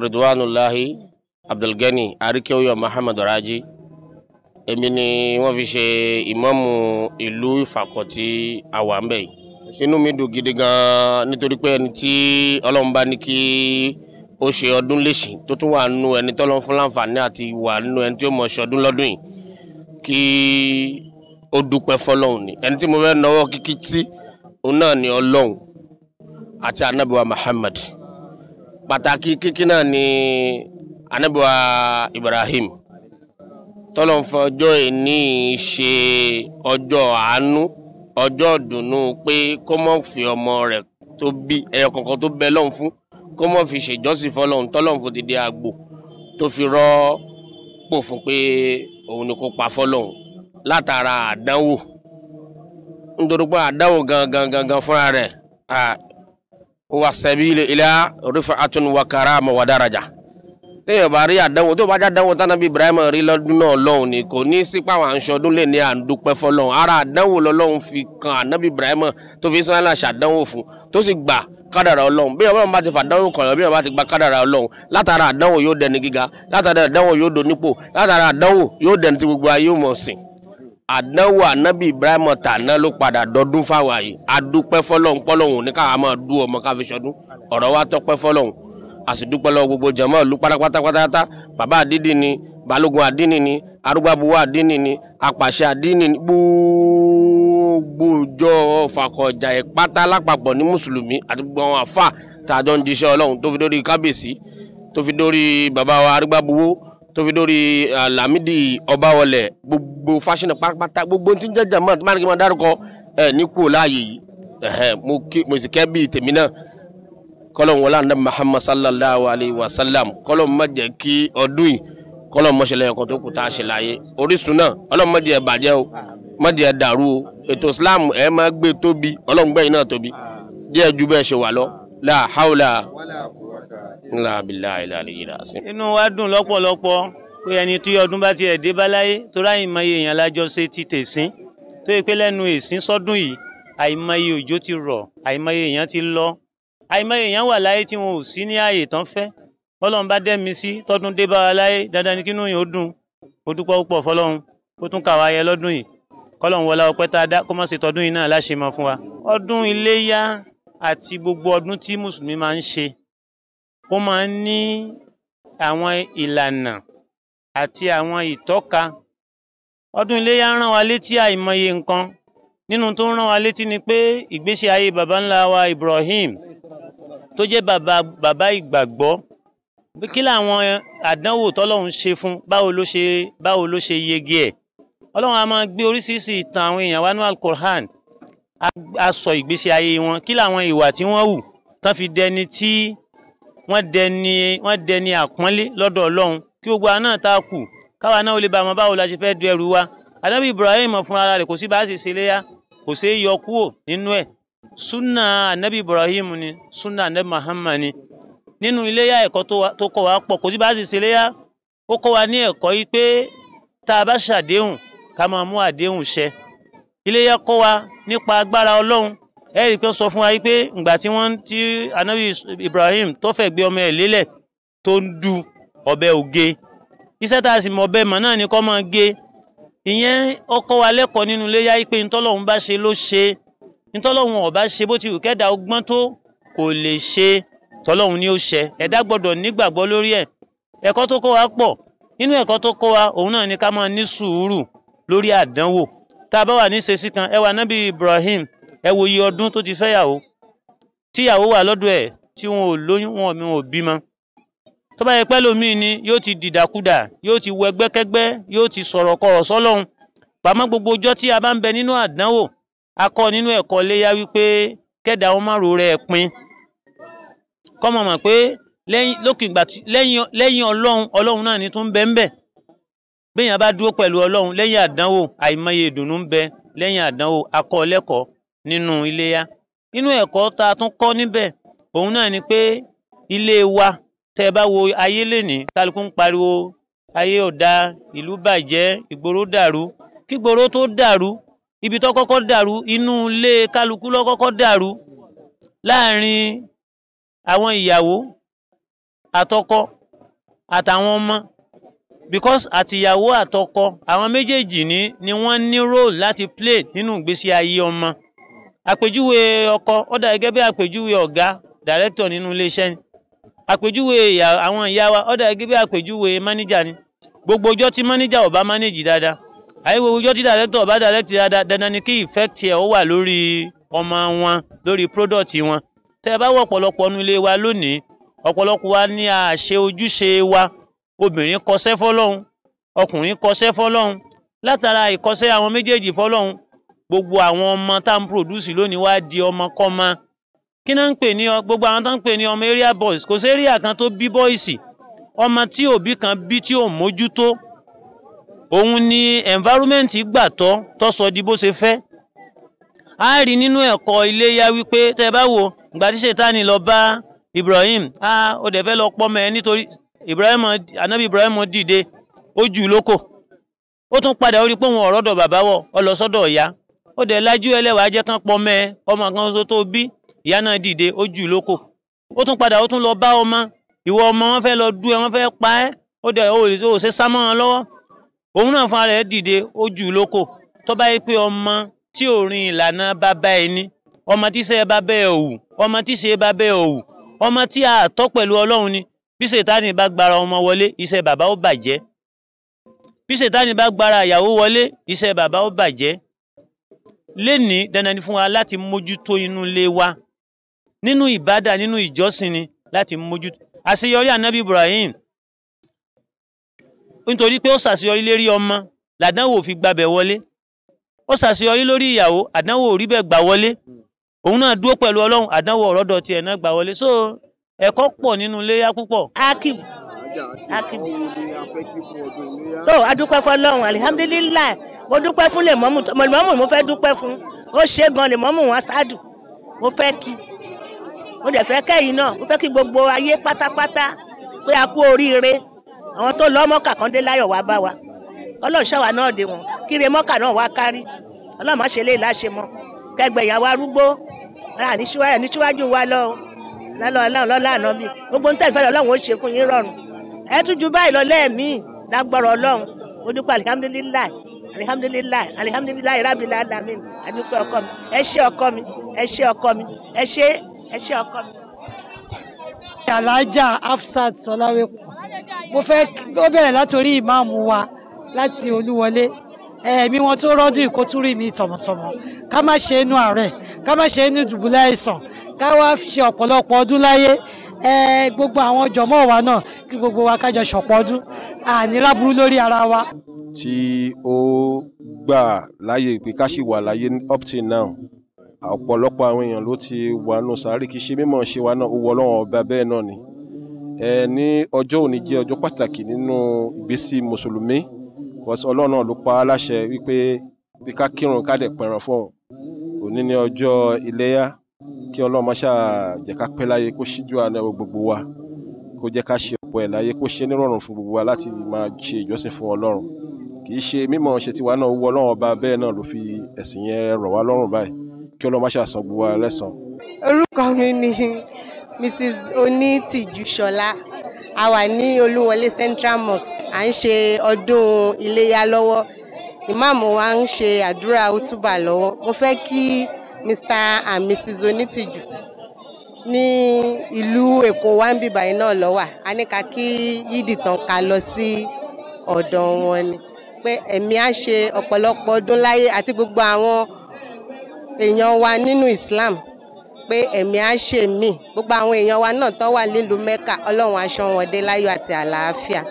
ridwanullahi abdulgani arikeoyo muhammad raji èmi ni wọ́n fi ṣe ìmáàmù ìlú ìfàkọ̀ tí a wà ń bẹ̀ yìí inú mi dùn gidi gan-an nítorí pé ẹni tí ọlọ́run bá ní kí ó ṣe ọdún léṣì tó tún wà nù ẹni tọ́lọ́run fún láǹfààní àti wà nù ẹni tí ó mọ̀ ṣe ọdún lọ́dún yìí kí ó dúpẹ́ fọlọ́run ni ẹni tí mo fẹ́ náwó kíkí tí òun náà ni ọlọ́run àti anábìwá muhammad pàtàkì kíkí náà ni anabiwa Ibrahim tọ́lọ́nfọ́ ọjọ́ ìní ṣe ọjọ àánú ọjọ dùnú pé kó mọ̀ fi ọmọ rẹ tó bí ẹyọ kankan tó bẹ lọ́hùn fún kó mọ̀ fi ṣèjọ́sìn fọlọ́hùn tọ́lọ́hùn fún dídí àgbò tó fi rọ́ pò fún pé òun ni kó pa fọlọ́hùn látara àdánwò nítorí pé àdánwò gangan gangan fúnra rẹ̀ wasabili ila rifatun wa karama wa daraja téèyàn bá rí àdánwò tó bá já dánwò tánàbí Ibrahim rí lọ́dún náà lọ́hùn ni kò ní sípà wà ń ṣọdún lè ní à ń dúpẹ́ fọlọ́hùn ara àdánwò lọ́lọ́hùn fi kan ànábì Ibrahim tó fi sọ́nà ṣàdánwò fún tó sì gbà kádàrà ọlọ́hùn bí ọlọ́hùn bá ti fàdánwò kọ̀ọ̀yàn bí ọlọ́hùn bá ti gba kádàrà ọlọ́hùn látara àdánwò yóò dẹni gíga látara àdánwò yóò donípò látara àdánwò yóò dẹni tí gbogbo ayé mọ̀ sìn àdánwò ànábì Ibrahim tàná ló padà dọdún fáwa yìí adúpẹ́ fọlọ́hún pọ́lọ́hún ní káwa máa dú ọmọ káfí sọdún ọ̀rọ̀ wa tọpẹ́ fọlọ́hún àsìdúpẹ́ lọ gbogbo jàmá ìlú pátápátápátá bàbá àdídì ni balógun àdínì ni arúgbábuwá àdínì ni apàṣẹ àdínì ni gbogbo ìjọ Fàkọ̀jà ìpátá lápapọ̀ ní mùsùlùmí àti gbogbo àwọn àfà tá a jọ ń jíṣẹ́ ọlọ́run tó fi dórí kábíyèsí tó fi dórí bàbá wa arúgbábuwó tó fi dórí Lamidi Ọbáwọlẹ̀ gbogbo Fáṣínà pátápátá gbogbo tí ń jẹ́ jàmọ́ tó máa ń kí wọ́n dárúkọ ẹ̀ ní kú láàyè yìí mo sì kẹ́ bí tèmi náà kọ́lọ́n wọlé àná Muhammad sallallahu alayhi wa sallam kọ́lọ́n má jẹ́ kí ọdún yìí kọ́lọ́n mọ̀ṣẹ̀lẹ̀ ẹ̀kọ́ tó kù tá a ṣe láàyè Orísun náà ọlọ́run má jẹ́ bàjẹ́ o má jẹ́ dàrú o ètò Islam ẹ̀ máa gbé tóbi ọlọ́run gbẹ̀yìn náà tóbi díẹ̀ ju bẹ́ẹ̀ ṣe wà lọ la hawla ńlá abilá ilá àlejò àṣẹ. inú wa dùn lọ́pọ̀lọpọ̀ pé ẹni tí ọdún bá tiẹ̀ dé báláyé torí àìmọye èèyàn lájọ ti tẹ̀sín tó yẹ pé lẹ́nu èsín sọ́dún yìí àìmọye òjò ti rọ̀ àìmọye èèyàn ti lọ àìmọye èèyàn wà láyé tí wọn ò sí ní ààyè tán fẹ́ bọ́lọ́run bá dẹ́mi sí tọ́dún dé bá wa láyé dandan ni kínú yìí ó dùn ó dúpẹ́ púpọ̀ fọlọ́run ó tún kà wá yẹ lọ́dún yìí kọ́lọ́run wọlá ọpẹ́ tá a dá kó má ṣe tọdún yìí náà láṣẹ mọ́ fún wa ọdún iléyá àti gbogbo ọdún tí mùsùlùmí máa ń ṣe ó máa ń ní àwọn ìlànà àti àwọn ìtọ́ka ọdún iléyá ń rán wa létí àìmọye nǹkan nínú tó ń rán wa létí ni pé ìgbésí ayé baba ńlá wa Ibrahim tó jẹ́ baba baba ìgbàgbọ́ kí làwọn àdánwò tọ́lọ́run ṣe fún báwo ló ṣe báwo ló ṣe yege ẹ̀ ọlọ́run a máa gbé oríṣiríṣi ìtàn àwọn èèyàn wá ní Al-Qur'an a sọ ìgbésí ayé wọn kí làwọn ìwà tí wọ́n hù tán fi dẹni tí wọ́n dẹni wọ́n dẹni àpọ́nlé lọ́dọ̀ ọlọ́run kí gbogbo àná tá a kù káwa náà ó lè bá àwọn báwo la ṣe fẹ́ du ẹrù wa ànábì ibrahim fúnra rẹ̀ kò sí bá a ṣe ṣe léyà kò sí yọ kúrò nínú ẹ̀ sunna ànábì ibrahim ni sunna ànábì muhammad ni nínú iléyà ẹ̀kọ́ tó kọ́ wa pọ̀ kò sí bá a ṣe ṣe léyà ó kọ́ wa ní ẹ̀kọ́ yìí pé tá a bá ṣàdéhùn ká máa mú àdéhùn ṣẹ iléyà kọ́ wa nípa agbára ọlọ́run ẹ rí i pé sọ fún wa pé ìgbà tí wọ́n ti anabi Ibrahim tó fẹ́ gbé ọmọ ẹ̀ lélẹ̀ tó ń du ọ̀bẹ òge iṣẹ́ tá a sì mọ̀ ọ̀bẹ mọ̀ náà ni kọ́ máa gé ìyẹn ọkọ wa lẹ́kọ̀ọ́ nínú ilé yá pé ntọ́lọ́hún bá ṣe ló ṣe ntọ́lọ́hún ọ̀bá ṣe bó ti wù kẹ́dà ọgbọ́n tó kò lè ṣe tọ́lọ́hún ni ó ṣe ẹ̀dá gbọ́dọ̀ nígbàgbọ́ lórí ẹ̀ ẹ̀kọ́ tó kọ́ wa pọ̀ nínú ẹ̀kọ́ tó kọ́ wa òun náà ni ká máa ní sùúrù lórí àdánwò tá a bá wà ní ìṣesí kan ẹ wà nábì Ibrahim ẹ wo iye ọdún tó ti fẹ́yàwó tíyàwó wà lọ́dọ̀ ẹ̀ tí wọn ò lóyún wọn mi ò bímọ tó bá yẹ pẹ́ lómi ni yóò ti dìdàkudà yóò ti wọ ẹgbẹ́kẹ́gbẹ́ yóò ti sọ̀rọ̀ kọ̀rọ̀ sọ́lọ́hun pàmò gbogbo ọjọ́ tí a bá ń bẹ nínú àdánwò a kọ́ nínú ẹ̀kọ́ léyà wípé kẹ́dà ọmọ rò rẹ̀ pin kọ́mọ mọ̀ pé lókè ìgbà lẹ́yìn ọlọ́run ọlọ́run náà ni tún ń bẹ ń bẹ béèyàn bá dúró pẹ̀lú ọlọ́run lẹ́yìn àdánwò àìmọye ìdùnnú ń bẹ lẹ́yìn àdánwò a lẹ́kọ̀ọ́ nínú iléyá nínú ẹ̀kọ́ tá tún kọ́ níbẹ̀ òun náà ni pé ilé wa tẹ́ ẹ bá wo ayé lénìí kálukú ń pariwo ayé ọ̀dà ìlú bàjẹ́ ìgboro dàrú kígboro tó dàrú ibi tó kọ́kọ́ dàrú inú ilé kálukú ló kọ́kọ́ dàrú láàrin àwọn ìyàwó àtọkọ àtàwọn ọmọ because àtìyàwó àtọkọ àwọn méjèèjì ní ni wọ́n ní role láti play nínú ìgbésí ayé ọmọ àpèjúwe ọkọ ó dà gẹ́gẹ́ bí àpèjúwe ọ̀gá dàrẹ́tọ̀ nínú iléeṣẹ́ ni àpèjúwe àwọn ìyá wa ó dà gẹ́gẹ́ bí àpèjúwe mánéjà ni gbogbo ọjọ́ tí mánéjà ò bá mánéjì dáadáa àyẹ̀wò ọjọ́ tí dàrẹ́tọ̀ ò bá dàrẹ́tì dáadáa dandan ni kí ìfẹ́kìtì ẹ̀ ó wà lórí ọmọ wọn lórí pródọ̀tì wọn tẹ́ ẹ bá wọ ọ̀pọ̀lọpọ̀ nínú ilé wa lónìí ọ̀pọ̀lọpọ̀ wa ní àṣe ojúṣe wa obìnrin kọsẹ́ fọlọ́hún ọkùnrin kọsẹ́ fọlọ́hún látara ìkọsẹ́ àwọn méjèèjì fọlọ́hún gbogbo àwọn ọmọ tá à ń produce lónìí wá di ọmọ kọ́mọ kí náà ń pè ní gbogbo àwọn tó ń pè ní ọmọ area boys kò sí area kan tó bí boys ọmọ tí òbí kan bí tí ò mójútó òun ni environment gbàtọ́ tó sọ di bó ṣe fẹ́ a rí nínú ẹ̀kọ́ iléyá wípé tẹ́ bá wo ìgbà tí ṣètánì lọ bá Ibrahim a ó dẹ̀ fẹ́ lọ pọ́mọ ẹ nítorí Ibrahim anabi Ibrahim dìde ó jù lóko ó tún padà ó rí pé òun ọ̀rọ̀dọ̀ bàbá wọ̀ ọ lọ sọ́dọ̀ ọ̀yá ó dẹ̀ lájú ẹlẹ́wàá jẹ́ kán pọmẹ́ ọmọ kan ṣoṣo tó bí ìyá náà dìde ó jù lóko ó tún padà ó tún lọ bá ọmọ ìwọ ọmọ wọn fẹ́ lọ dú ẹ wọn fẹ́ pa ẹ́ ó dẹ̀ ó lè ṣe sámọ́ wọn lọ́wọ́ òun náà fúnra rẹ̀ dìde ó jù lóko tó bá yẹ pé ọmọ tí ò rin ìlànà bàbá ẹ ní ọmọ tí ṣe bàbá ẹ òwù ọmọ tí ṣe bàbá ẹ òwù ọmọ tí a tọ́ pẹ̀lú ọlọ́run ni bí sètáni bá gbara ọmọ wọlé iṣẹ́ bàbá ó bàjẹ́ bí sètáni bá gbara ìyàwó wọlé iṣẹ́ bàbá ó bàjẹ́ lénìí dandan ni fún wa láti mójútó inú ilé wa nínú ìbádà nínú ìjọsìn ni láti mójútó àṣeyọrí anabi Ibrahim nítorí pé ó ṣàṣeyọrí lérí ọmọ làdánwò fi gbabẹ̀ wọlé ó ṣàṣeyọrí lórí ìyàwó àdánwò ò rí bẹ́ẹ̀ gbà wọlé òun náà dúró pẹ̀lú Ọlọ́run àdánwò ọ̀rọ̀dọ̀ tiẹ̀ náà gbà wọlé so ẹ̀kọ́ pọ̀ nínú iléyà púpọ̀. akim tó a dúpẹ́ fún ọlọ́run alihamdulilayi mo dúpẹ́ fún lèmọ́mù lèmọ́mù mo fẹ́ dúpẹ́ fún ó ṣe gan lèmọ́mù wọn ṣáàdù mo fẹ́ kí mo dẹ̀ fẹ́ kẹ́yìn náà mo fẹ́ kí gbogbo ayé pátápátá pé a kú oríire àwọn tó lọ mọ́kà kan dé láyọ̀ wá bá wa ọlọ́run ṣàwà náà dé wọn kíre mọ́kà náà wá kárí ọlọ́run má ṣe lè láṣẹ mọ́ kẹgbẹ́ ìyàwó arúgbó àníṣíwájú wa lọ lọ́lọ́ ọlọ́run lọ́lá ànábì ẹ tún ju báyìí lọ lẹ́ẹ̀mí lágbára ọlọ́run ó dúpọ̀ alihamudulilayi alihamudulilayi alihamudulilayi rabi lalami adúpẹ́ ọkọ mi ẹ ṣé ọkọ mi ẹ ṣé ọkọ mi ẹ ṣé ẹ ṣé ọkọ mi. alájà Hafsat Sọláwépọ̀ mo fẹ́ ó bẹ̀rẹ̀ látòrí ìmáàmù wa láti Olúwọlé ẹ̀mí wọn tó rọ́dún ìkótúrì mi tọ̀mọ̀tọ̀mọ̀ ká má ṣe inú àárẹ̀ ká má ṣe inú dùbúlẹ̀ àìsàn ká wá ṣe ọ̀pọ̀lọpọ̀ ọdún láyé gbogbo àwọn jọmọ́ wa náà kí gbogbo wa kájọ ṣọ̀pọ̀ ọdún àní láburú lórí ara wa. tí ó gbà láyè pé ká ṣì wà láyé up till now ọ̀pọ̀lọpọ̀ àwọn èèyàn ló ti wà nù sáré kí ṣe mímọ̀ ṣe wa náà ó wọ ọlọ́run ọba bẹ́ẹ̀ náà ni ẹ ní ọjọ́ òní jẹ́ ọjọ́ pàtàkì nínú ìgbésí mùsùlùmí ọlọ́run náà ló pa á láṣẹ wípé bí ká kírun ká dẹ̀ pẹ̀ràn fún òun òní ní ọjọ́ iléyá kí ọlọ́run ṣáà jẹ́ ká pẹ́ láyé kó ṣíjú àná gbogbo wa kó jẹ́ ká ṣe ọ̀pọ̀ ẹ̀ láyé kó ṣe nírọ̀rùn fún gbogbo wa láti máa ṣe ìjọsìn fún ọlọ́run kì í ṣe mímọ̀ ṣe tiwa náà owó ọlọ́run ọba bẹ́ẹ̀ náà ló fi ẹ̀sìn yẹn rọ̀ wá lọ́rùn báyìí kí ọlọ́run máa ṣàṣàn gbogbo wa lẹ́san. orúkọ mi ni Mrs Onítìjú Ṣọlá a wà ní Olúwọlé Central Mosque à ń ṣe ọdún iléyá lọ́wọ́ ìmáàmù wa ń ṣe àdúrà òtúbà lọ́wọ́ mo fẹ́ kí Mr and Mrs Onítìjú ní ìlú Èkó wa ń bíbá iná lọ wà á ní ká kí yídì tán ká lọ sí ọ̀dọ̀ wọn ni pé ẹ̀mí á ṣe ọ̀pọ̀lọpọ̀ ọdún láyé àti gbogbo àwọn èèyàn wa nínú Islam pé ẹ̀mí á ṣe mí gbogbo àwọn èèyàn wa náà tó wà nílùú Mẹ́kà Ọlọ́run á wọn dé láyọ̀ àti àlàáfíà.